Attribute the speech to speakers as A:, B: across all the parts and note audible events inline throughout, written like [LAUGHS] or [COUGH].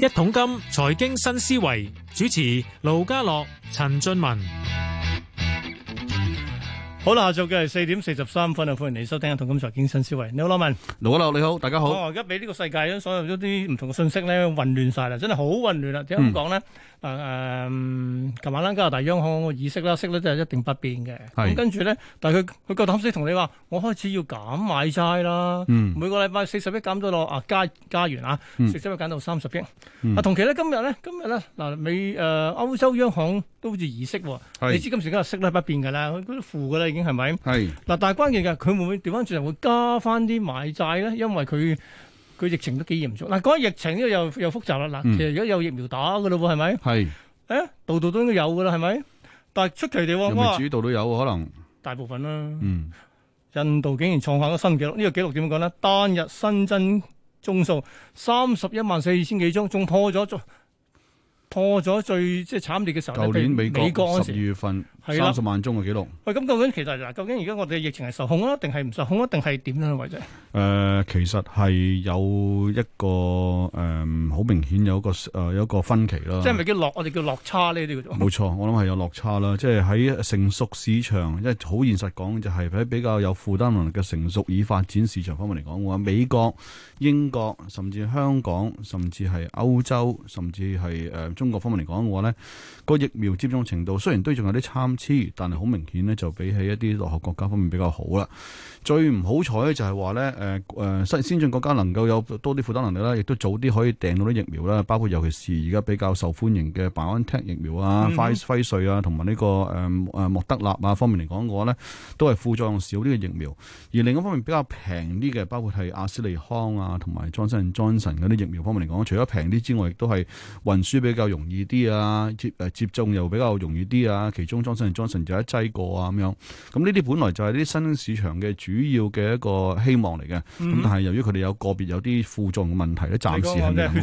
A: 一桶金財經新思維，主持盧家樂、陳俊文。好啦，下晝嘅係四點四十三分啊！歡迎你收聽《同金財經新思維》。你好，羅文。羅
B: 老你好，大家好。我
A: 而家俾呢個世界咧，所有一啲唔同嘅信息咧，混亂晒啦，真係好混亂啦。點樣講咧？誒誒，琴晚啦，加拿大央行個意識啦，息率都係一定不變嘅。咁跟住咧，但係佢佢夠膽先同你話，我開始要減買債啦。嗯。每個禮拜四十億減咗落啊，加加元啊，四十億減到三十億。嗯。啊，同期咧，今日咧，今日咧，嗱，美誒，歐洲央行。都好似儀式喎，哦，你知今時今日息率不變嘅啦，佢都負嘅啦已經係咪？嗱，但係關鍵嘅，佢會唔會調翻轉嚟會加翻啲買債咧？因為佢佢疫情都幾嚴重。嗱，講緊疫情咧又又複雜啦。嗱、嗯，其實而家有疫苗打嘅咯喎，係咪？係。誒、欸，度度都應該有嘅啦，係咪？但係出奇地說，喎，咁啊，度
B: 度都有可能。大
A: 部分啦。嗯。印度竟然創下一個新紀錄，呢、這個紀錄點講咧？單日新增宗數三十一萬四千幾宗，仲破咗。破咗最即係慘烈嘅時候，對美國十二月份，三十、啊、萬宗嘅記錄。喂、嗯，咁究竟其實嗱，究竟而家我哋嘅疫情係受控啦，定係唔受控啦，定係點樣嘅位置？
B: 誒、呃，其實係有一個誒、好、呃、明顯有一個誒、呃，有一個分歧啦。即係咪叫
A: 落？我哋叫落差呢啲？
B: 冇錯，我諗係有落差啦。即係喺成熟市場，即係好現實講，就係比較有負擔能力嘅成熟已發展市場方面嚟講嘅話，美國、英國，甚至香港，甚至係歐洲，甚至係誒、呃、中國方面嚟講嘅話咧，個疫苗接種程度雖然都仲有啲差。但係好明顯咧，就比起一啲落後國家方面比較好啦。最唔好彩咧就係話咧，誒、呃、誒先進國家能夠有多啲負擔能力啦，亦都早啲可以訂到啲疫苗啦。包括尤其是而家比較受歡迎嘅 BioNTech 疫苗啊、輝瑞啊，同埋呢個誒誒、呃、莫德納啊方面嚟講嘅話咧，都係副作用少啲嘅疫苗。而另一方面比較平啲嘅，包括係阿斯利康啊，同埋莊臣莊臣嗰啲疫苗方面嚟講，除咗平啲之外，亦都係運輸比較容易啲啊，接、呃、接種又比較容易啲啊。其中莊 Johnson 就一劑過啊咁樣，咁呢啲本來就係啲新市場嘅主要嘅一個希望嚟嘅。咁、嗯、但係由於佢哋有個別有啲副作用嘅問題咧，暫、嗯、時係未能夠供，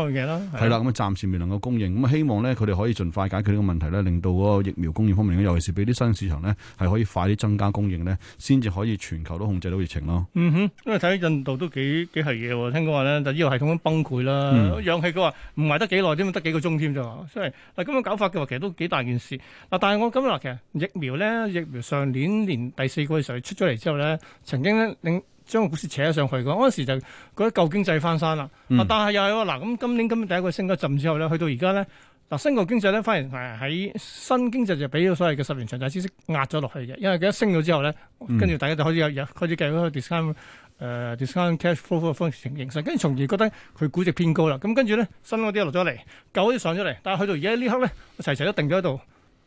A: 供應。啦、嗯，係、嗯、啦，
B: 咁啊暫時未能夠供應。咁希望咧佢哋可以盡快解決呢個問題咧，令到嗰個疫苗供應方面，尤其是俾啲新市場咧係可以快啲增加供應咧，先至可以全球都控制到疫情咯。嗯
A: 哼、嗯，因為睇印度都幾幾係嘢喎，聽講話咧就呢、這個系統都崩潰啦、嗯，氧氣佢話唔捱得幾耐啫嘛，得幾個鐘添咋，所以嗱咁嘅搞法嘅話，其實都幾大件事嗱。但係我。咁啊，其實疫苗咧，疫苗上年年第四季嘅時候出咗嚟之後咧，曾經咧令將個股市扯咗上去。嗰陣時就覺得舊經濟翻山啦、嗯，但係又係喎嗱。咁今年咁樣第一季升咗陣之後咧，去到而家咧，嗱新舊經濟咧反而係喺新經濟就俾咗所謂嘅十年長債知識壓咗落去嘅。因為佢一升咗之後咧、嗯，跟住大家就開始有有開始計嗰個 discount 誒、呃、discount cash flow f o r 形成，跟住從而覺得佢估值偏高啦。咁跟住咧，新嗰啲落咗嚟，舊啲上咗嚟，但係去到而家呢刻咧，都齊齊都定咗喺度。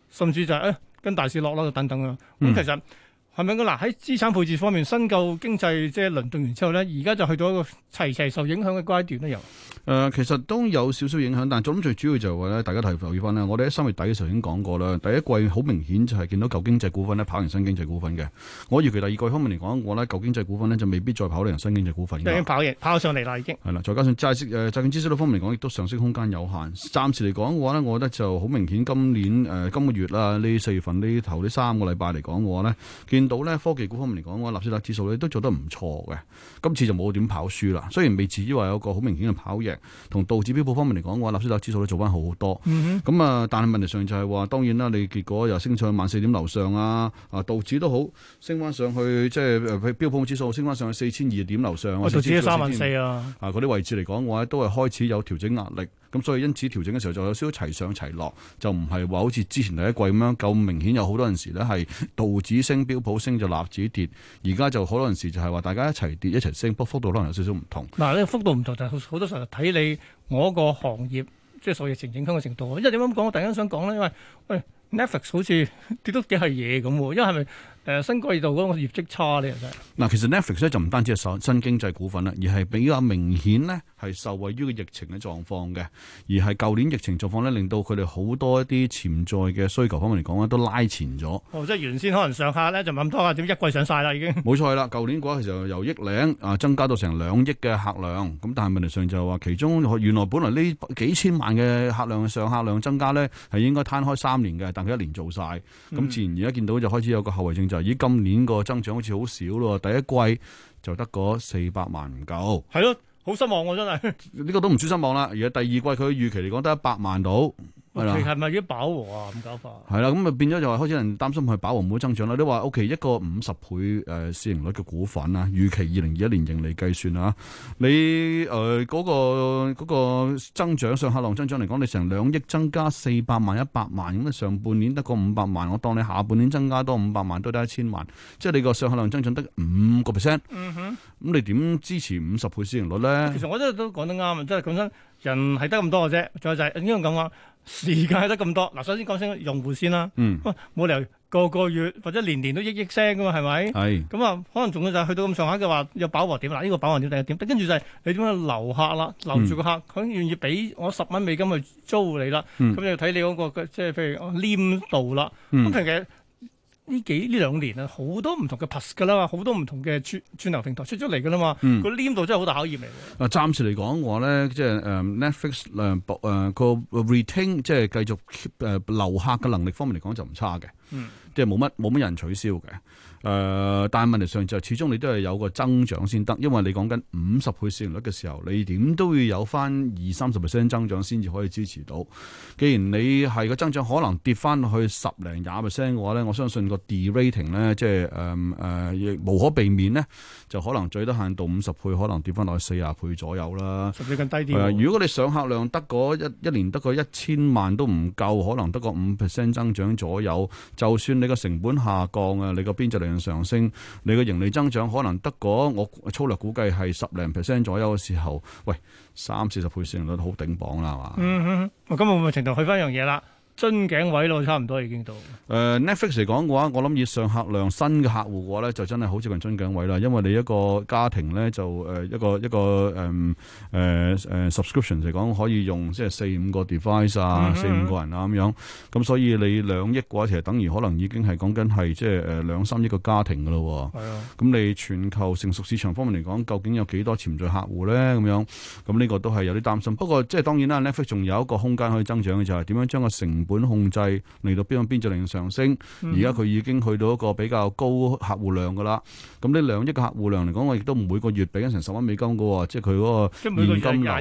A: 甚至就係誒跟大市落啦，等等啊，咁、嗯、其實係咪啊？嗱，喺資產配置方面，新舊經濟即係輪動完之後呢，而家就去到一個齊齊受影響嘅階段呢。又、
B: 呃、誒，其實都有少少影響，但係我諗最主要就係話咧，大家提留意翻咧，我哋喺三月底嘅時候已經講過啦，第一季好明顯就係見到舊經濟股份咧跑贏新經濟股份嘅。我預期第二季方面嚟講，我呢舊經濟股份呢就未必再跑贏新經濟股份。已經跑贏，
A: 跑上嚟啦，已經
B: 係啦。再加上債息誒、呃、債券孳息方面嚟講，亦都上升空間有限。暫時嚟講嘅話呢，我覺得就好明顯。今年誒、呃、今個月啦，呢四月份呢頭呢三個禮拜嚟講嘅話呢。見。到咧科技股方面嚟講嘅話，納斯達克指數咧都做得唔錯嘅。今次就冇點跑輸啦，雖然未至於話有一個好明顯嘅跑贏。同道指標普方面嚟講嘅話，納斯達克指數都做翻好好多。咁、嗯、啊，但係問題上就係話，當然啦，你結果又升上去萬四點樓上啊，啊道指都好升翻上去，即係標普指數升翻上去上、啊、四千二點樓上。道指三萬四啊！啊，嗰啲位置嚟講嘅話，都係開始有調整壓力。咁所以因此調整嘅時候就有少少齊上齊落，就唔係話好似之前第一季咁樣咁明顯，有好多陣時咧係道指升，標普升，升就納指跌，而家就好多陣時就係話大家一齊跌一齊升，不過幅度可能有少少唔同。
A: 嗱、啊，呢個幅度唔同就係好多時候睇你我個行業即係、就是、受疫情影響嘅程度。因為點解咁講？我突然間想講咧，因為，Netflix 好似跌到幾係嘢咁，因為係咪？誒，新季度嗰個業績差呢，其
B: 實嗱，其實 Netflix 咧就唔單止係受新經濟股份啦，而係比較明顯咧係受惠於個疫情嘅狀況嘅，而係舊年疫情狀況咧令到佢哋好多一啲潛在嘅需求方面嚟講咧都拉前咗。哦，即係原先可能上客咧
A: 就冇咁多啊，點一季上晒啦已經？
B: 冇錯啦，舊年嘅話其實由億兩啊增加到成兩億嘅客量，咁但係問題上就係話其中原來本來呢幾千萬嘅客量嘅上客量增加咧係應該攤開三年嘅，但佢一年做晒，咁、嗯、自然而家見到就開始有個後遺症。咦，今年個增長好似好少咯，第一季就得個四百萬唔夠，係咯，好失望喎，真係呢 [LAUGHS] 個都唔算失望啦。而家第二季佢嘅預期嚟講得一百萬度。係、啊，係
A: 咪啲飽和啊？咁
B: 搞法係啦，咁咪、啊、變咗就係開始有人擔心佢飽和唔會增長啦。你話屋企一個五十倍誒市盈率嘅股份啊，預期二零二一年盈利計算啊，你誒嗰、呃那個、那個增長上下量增長嚟講，你成兩億增加四百萬一百萬，咁你上半年得個五百萬，我當你下半年增加多五百萬都得一千萬，即係你個上下量增長得五個 percent，嗯哼，咁你點支持五十倍市盈率咧？其
A: 實我真係都都講得啱啊，即係講真，人係得咁多嘅啫，再就係呢樣咁講。時間得咁多，嗱首先講聲用戶先啦，哇、嗯、冇理由個個月或者年年都億億聲噶嘛係咪？咁啊、嗯、可能仲要就係去到咁上下嘅話有飽和點，啦、這、呢個飽和點定係點？跟住就係你點樣留客啦，留住個客，佢願意俾我十蚊美金去租你啦，咁你要睇你嗰個即係譬如黏度啦，咁其實。呢幾呢兩年啊，好多唔同嘅 pass 㗎啦嘛，好多唔同嘅串串流平台出咗嚟㗎啦嘛，個、嗯、黏度真係好大考驗嚟
B: 嘅。啊，暫時嚟講嘅話咧，即係誒 Netflix 誒博誒個 retain，即係繼續誒、uh、留客嘅能力方面嚟講就唔差嘅。嗯。即係冇乜冇乜人取消嘅，誒，但係問題上就始終你都係有個增長先得，因為你講緊五十倍市盈率嘅時候，你點都要有翻二三十 percent 增長先至可以支持到。既然你係個增長可能跌翻去十零廿 percent 嘅話咧，我相信個 de-rating 咧、就是，即係誒誒，亦無可避免咧，就可能最低限度五十倍，可能跌翻落去四廿倍左右啦。甚
A: 至更低啲、啊。
B: 如果你上客量得嗰一一年得個一千萬都唔夠，可能得個五 percent 增長左右，就算你。個成本下降啊，你個邊際利潤上升，你個盈利增長可能得果我粗略估計係十零 percent 左右嘅時候，喂三四十倍市盈率都好頂榜啦，係嘛？嗯哼，咁我會唔會程度去翻一
A: 樣嘢啦。樽頸位咯，差唔多已經到。
B: 誒、uh, Netflix 嚟講嘅話，我諗以上客量新嘅客戶嘅話咧，就真係好接近樽頸位啦。因為你一個家庭咧，就誒、呃、一個一個誒誒誒 subscription 嚟講，可以用即係四五個 device 啊，mm -hmm. 四五個人啊咁樣。咁所以你兩億嘅話，其實等於可能已經係講緊係即係誒兩三億個家庭嘅咯。係啊。咁你全球成熟市場方面嚟講，究竟有幾多潛在客戶咧？咁樣咁呢個都係有啲擔心。不過即係當然啦，Netflix 仲有一個空間可以增長嘅就係、是、點樣將個成本控制嚟到邊個邊就嚟上升，而家佢已經去到一個比較高客戶量噶啦。咁呢兩億嘅客戶量嚟講，我亦都唔每個月俾緊成十蚊美金噶喎，即係佢嗰個現金流。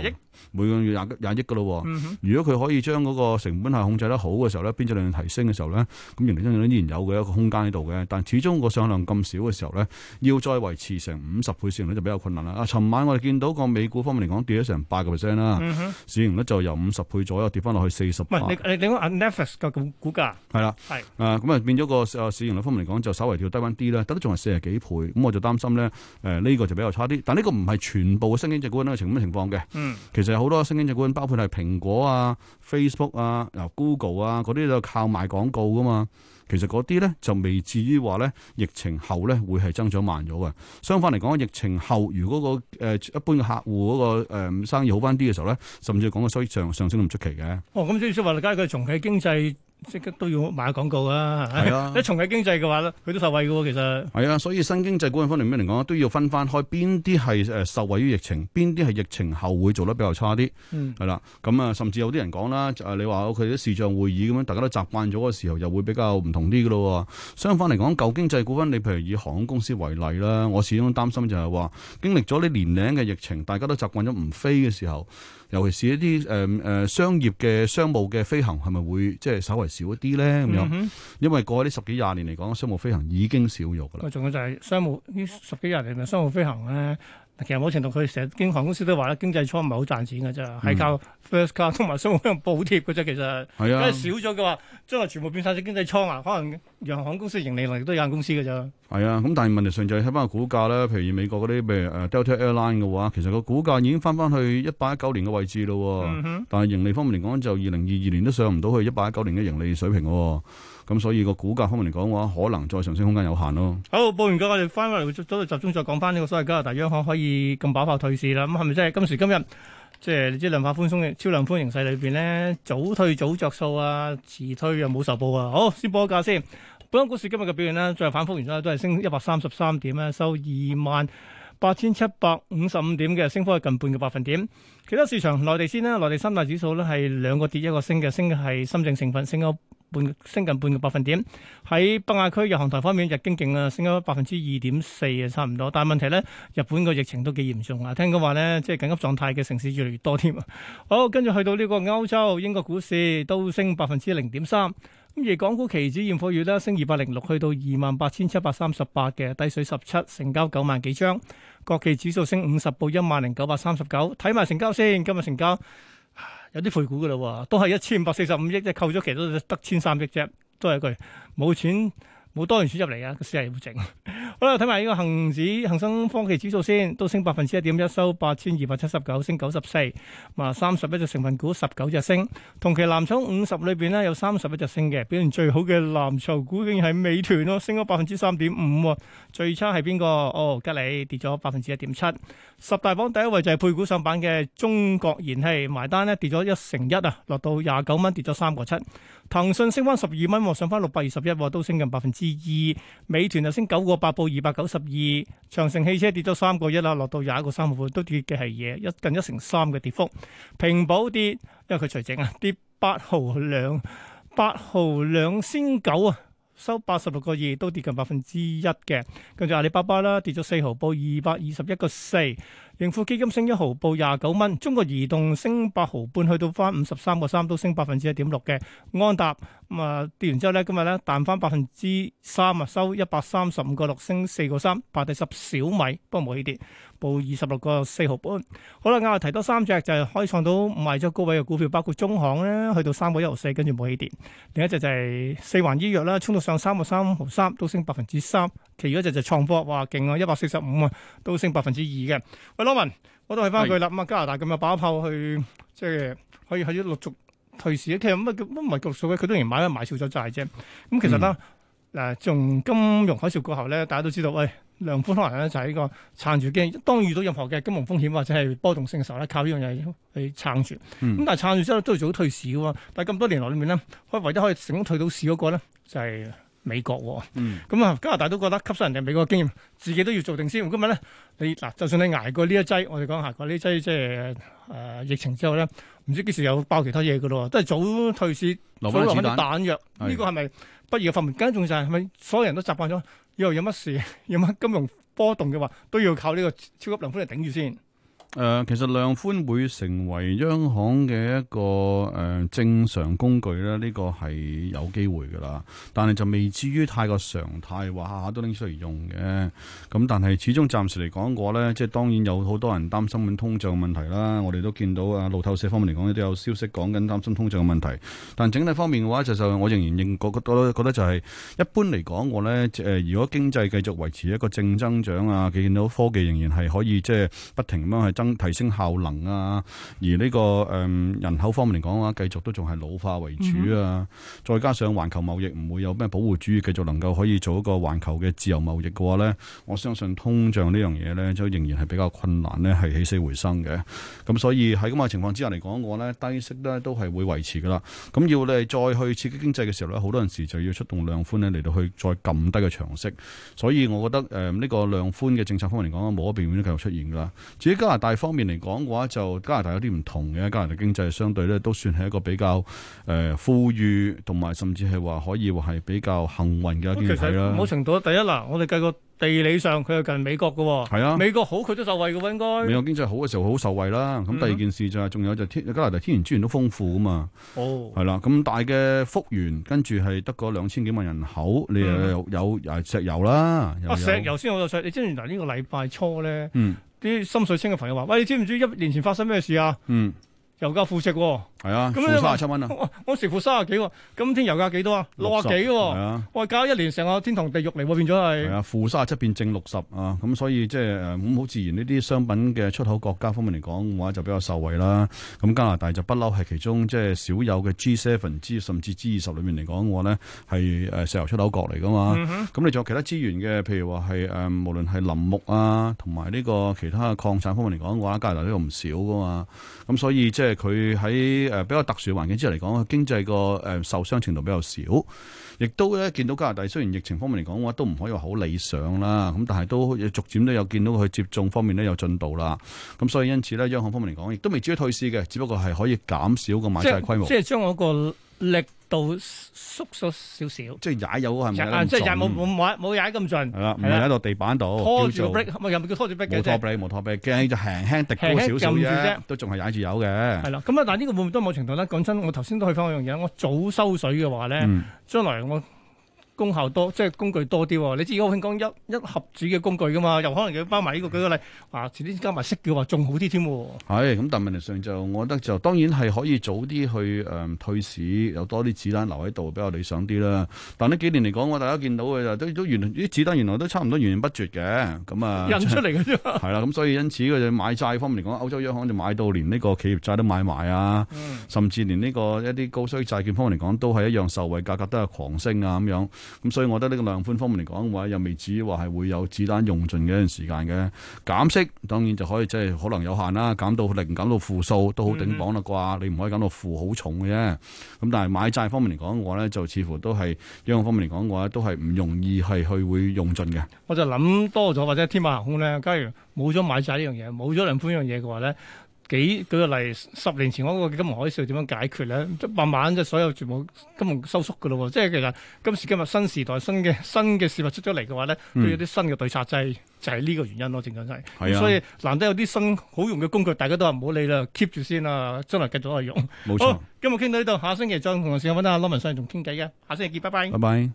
B: 每個月廿廿億噶咯，如果佢可以將嗰個成本係控制得好嘅時候咧，邊際量提升嘅時候咧，咁仍然有嘅一個空間喺度嘅，但係始終個上量咁少嘅時候咧，要再維持成五十倍市盈率就比較困難啦。啊，尋晚我哋見到個美股方面嚟講跌咗成八個 percent 啦，市盈率就由五十倍左右跌翻落去四十。唔，你
A: 你講 Netflix 股股價？
B: 係啦，係、啊，誒，咁啊，變咗個市盈率方面嚟講就稍微調低翻啲啦，得仲係四十幾倍，咁我就擔心咧，誒、呃、呢、這個就比較差啲，但呢個唔係全部嘅新經濟股咧情咁嘅情況嘅，嗯，其其實好多新經濟股，包括係蘋果啊、Facebook 啊、嗱 Google 啊嗰啲，就靠賣廣告噶嘛。其實嗰啲咧就未至於話咧疫情後咧會係增長慢咗嘅。相反嚟講，疫情後如果個誒一般嘅客戶嗰個誒生意好翻啲嘅時候咧，甚至講個收益上上升都唔出奇嘅。
A: 哦，咁即係話大家佢重啟經濟。即刻都要買廣告啊！係、啊、 [LAUGHS] 重啟經濟嘅話咧，佢都受惠嘅、
B: 啊。其實係啊，所以新經濟股份方面嚟講，都要分翻開邊啲係誒受惠於疫情，邊啲係疫情後會做得比較差啲。嗯，係啦。咁啊，甚至有啲人講啦，你話佢啲視像會議咁樣，大家都習慣咗嘅時候，又會比較唔同啲嘅咯。相反嚟講，舊經濟股份，你，譬如以航空公司為例啦，我始終擔心就係話經歷咗啲年零嘅疫情，大家都習慣咗唔飛嘅時候，尤其是一啲、嗯、商業嘅、商務嘅飛行，係咪會即係、就是、稍微？少一啲咧，咁樣、嗯，因為過去呢十幾廿年嚟講，商務飛行已經少咗噶啦。我
A: 仲有就係商務呢十幾廿年嘅商務飛行咧，其實某程度佢成日航空公司都話啦，經濟艙唔係好賺錢噶咋，係靠 first class 同埋商務艙補貼噶啫。其實，因為、啊、少咗嘅話，將來全部變晒只經濟艙啊，可能。洋行公司盈利能力都有限公司嘅
B: 啫，係啊。咁但係問題上就喺翻個股價啦。譬如美國嗰啲，譬如誒 Delta Airline 嘅話，其實個股價已經翻翻去一八一九年嘅位置咯、嗯。但係盈利方面嚟講，就二零二二年都上唔到去一八一九年嘅盈利水平嘅。咁所以個股價方面嚟講嘅話，可能再上升空間有限咯。
A: 好，報完價我哋翻翻嚟，再集中再講翻呢個所謂加拿大央行可以咁爆發退市啦。咁係咪真係今時今日？即係你知，量化寬鬆嘅超量寬形勢裏邊咧，早退早着數啊，遲退又、啊、冇受報啊。好，先報一價先。本港股市今日嘅表現呢，最後反覆完咗都係升一百三十三點咧，收二萬八千七百五十五點嘅，升幅係近半嘅百分點。其他市場內地先啦，內地三大指數咧係兩個跌一個升嘅，升嘅係深證成分升咗。半升近半個百分點，喺北亞區日航台方面，日經勁啊，升咗百分之二點四啊，差唔多。但係問題咧，日本個疫情都幾嚴重啊，聽講話咧，即係緊急狀態嘅城市越嚟越多添啊。好，跟住去到呢個歐洲英國股市都升百分之零點三。咁而港股期指現貨月咧升二百零六，去到二萬八千七百三十八嘅低水十七，成交九萬幾張。國企指數升五十，報一萬零九百三十九。睇埋成交先，今日成交。有啲配股噶啦，都係一千五百四十五億，即係扣咗期都得千三億啫。都係一句冇錢冇多元錢入嚟啊！個市係要整。好啦，睇埋呢個恆指、恆生科技指數先，都升百分之一點一，收八千二百七十九，升九十四。咁啊，三十一隻成分股，十九隻升。同期藍籌五十裏邊咧，有三十一隻升嘅，表現最好嘅藍籌股竟然係美團咯，升咗百分之三點五。最差係邊個？哦，吉利跌咗百分之一點七。十大榜第一位就係配股上榜嘅中國燃氣，埋單咧跌咗一成一啊，落到廿九蚊，跌咗三個七。騰訊升翻十二蚊，上翻六百二十一，都升近百分之二。美團就升九個八，報。二百九十二，長城汽車跌咗三個一啦，落到廿一個三毫半，都跌嘅係嘢，一近一成三嘅跌幅。平保跌，因為佢除淨啊，跌八毫兩，八毫兩先九啊，收八十六個二，都跌近百分之一嘅。跟住阿里巴巴啦，跌咗四毫，報二百二十一個四。盈富基金升一毫，報廿九蚊。中國移動升八毫半，去到返五十三個三，都升百分之一點六嘅。安踏。咁、嗯、啊跌完之後咧，今日咧彈翻百分之三啊，收一百三十五個六，升四個三百。第十。小米不過冇起跌，報二十六個四毫半。好啦，我提多三隻就係開創到賣咗高位嘅股票，包括中行咧，去到三個一毫四，跟住冇起跌。另一隻就係四環醫藥啦，衝到上三個三毫三，都升百分之三。其餘嗰隻就係創科，哇勁啊，一百四十五啊，都升百分之二嘅。喂，羅文，我都係翻佢啦。咁啊，加拿大今日爆炮去，即係可以喺度陸續。退市其實咁啊，唔係局數嘅，佢當然買啦，買少咗債啫。咁其實咧，嗱、嗯，從金融海嘯過後咧，大家都知道，喂，量寬可能咧就係呢、這個撐住嘅。當遇到任何嘅金融風險或者係波動性嘅時候咧，靠呢樣嘢去撐住。咁、嗯、但係撐住之後都要做到退市嘅喎。但係咁多年來裏面咧，可唯一可以成功退到市嗰個咧就係、是、美國喎。咁、嗯、啊，加拿大都覺得吸收人哋美國嘅經驗，自己都要做定先。今日咧，你嗱，就算你捱過呢一劑，我哋講下過呢一劑，即係誒、呃、疫情之後咧。唔知幾時有爆其他嘢㗎咯，都係早退市，
B: 早留返啲彈藥。呢、呢個係
A: 咪不二法門？更加重要就係咪所有人都習慣咗？以後有乜事、有乜金融波動嘅話，都要靠呢個超級量寬嚟頂住先。
B: 誒、呃，其實量寬會成為央行嘅一個誒、呃、正常工具咧，呢個係有機會噶啦。但係就未至於太過常態，話下下都拎出嚟用嘅。咁但係始終暫時嚟講過呢，咧，即係當然有好多人擔心緊通脹嘅問題啦。我哋都見到啊，路透社方面嚟講都有消息講緊擔心通脹嘅問題。但整體方面嘅話，就就我仍然認覺覺得覺得就係一般嚟講，我咧誒，如果經濟繼續維持一個正增長啊，見到科技仍然係可以即係不停咁樣去。提升效能啊，而呢、呢個誒、呃、人口方面嚟講啊，繼續都仲係老化為主啊、嗯，再加上環球貿易唔會有咩保護主義，繼續能夠可以做一個環球嘅自由貿易嘅話咧，我相信通脹這件事呢樣嘢咧，就仍然係比較困難咧，係起死回生嘅。咁所以喺咁嘅情況之下嚟講，我咧低息咧都係會維持噶啦。咁要你再去刺激經濟嘅時候咧，好多陣時就要出動量寬咧嚟到去再撳低嘅長息。所以我覺得誒呢、呃這個量寬嘅政策方面嚟講，冇得避免繼續出現噶啦。至於加拿大。大方面嚟講嘅話，就加拿大有啲唔同嘅。加拿大經濟相對咧，都算係一個比較誒富裕，同埋甚至係話可以話係比較幸運嘅一啲嘢啦。好
A: 程度第一啦，我哋計個地理上，佢係近美國嘅。係啊，美國好，佢都受惠嘅應該。美國
B: 經濟好嘅時候，好受惠啦。咁、嗯、第二件事就係、是，仲有就天加拿大天然資源都豐富啊嘛。哦，係啦，咁大嘅幅員，跟住係得個兩千幾萬人口，你又有石油啦、嗯啊。石
A: 油先我就想，你知原來呢個禮拜初咧。嗯。啲心水清嘅朋友話，喂，哎，你知唔知一年前發生咩事啊？嗯油價負值
B: 喎，係啊，負三十七蚊
A: 啊，我、啊、時負卅幾喎。今天油價幾多、啊、多啊？六十啊幾喎。我話搞一年成個天堂地獄嚟喎，變咗係。係啊，
B: 負三十七變正六十啊，咁所以即係誒咁好自然呢啲商品嘅出口國家方面嚟講嘅話就比較受惠啦。咁加拿大就不嬲係其中即係少有嘅 G seven 之甚至 G 二十裏面嚟講嘅話咧係誒石油出口國嚟噶嘛。咁、嗯、你仲有其他資源嘅，譬如話係誒無論係林木啊同埋呢個其他嘅礦產方面嚟講嘅話，加拿大都有唔少噶嘛。咁所以即係。就是。即係佢喺誒比較特殊嘅環境之下嚟講，經濟個誒受傷程度比較少，亦都咧見到加拿大雖然疫情方面嚟講嘅話，都唔可以話好理想啦。咁但係都逐漸都有見到佢接種方面咧有進度啦。咁所以因此咧，央行方面嚟講，亦都未至於退市嘅，只不過係可以減少個買債規模。即係
A: 將我、嗰個。力度縮咗少少，即係踩油係咪，嗯？即係踩冇冇冇踩咁盡，係啦，唔係喺度地
B: 板度拖，brake，拖踩踩點
A: 點住，又唔叫拖住 brake 嘅冇拖
B: brake，冇拖就輕輕滴高少少啫，都仲係踩住油嘅。
A: 係啦，咁啊，但係呢個會唔會都冇程度咧？講真，我頭先都去翻嗰樣嘢，我早收水嘅話咧，嗯，將來我。功效多，即係工具多啲喎。你知我聽講一一盒子嘅工具㗎嘛，又可能佢包埋呢個舉個例啊，遲啲加埋息嘅話仲好啲添。
B: 係咁，但問題上就我覺得就當然係可以早啲去誒、嗯、退市，有多啲子彈留喺度比較理想啲啦。但呢幾年嚟講，我大家見到嘅就都都原來啲子彈原來都差唔多源源不絕嘅。咁啊，印出嚟嘅啫。係啦，咁所以因此佢就買債方面嚟講，歐洲央行就買到連呢個企業債都買埋啊、嗯，甚至連呢個一啲高收益債券方面嚟講，都係一樣受惠價格，價格都係狂升啊咁樣。咁所以，我覺得呢個量寬方面嚟講嘅話，又未至於話係會有子彈用盡嘅一段時間嘅減息，當然就可以即係、就是、可能有限啦，減到零，減到負數都好頂榜啦啩，嗯、你唔可以減到負好重嘅啫。咁但係買債方面嚟講嘅話咧，就似乎都係呢個方面嚟講嘅話，都係唔容易係去會用盡嘅。
A: 我就諗多咗或者天馬行空咧，假如冇咗買債呢樣嘢，冇咗量寬呢樣嘢嘅話咧。幾舉個例，十年前嗰個金融海嘯點樣解決咧？慢慢就所有全部金融收縮嘅咯喎，即係其實今時今日新時代新嘅新嘅事物出咗嚟嘅話咧、嗯，都有啲新嘅對策制，就係、係、呢、就係、個原因咯，正正係。啊、所以難得有啲新好用嘅工具，大家都話唔好理啦，keep 住先啊，將來繼續去用。好，今日傾到呢度，下星期再同時我揾阿羅文生仲傾偈嘅，下星期見，拜拜。
B: 拜拜。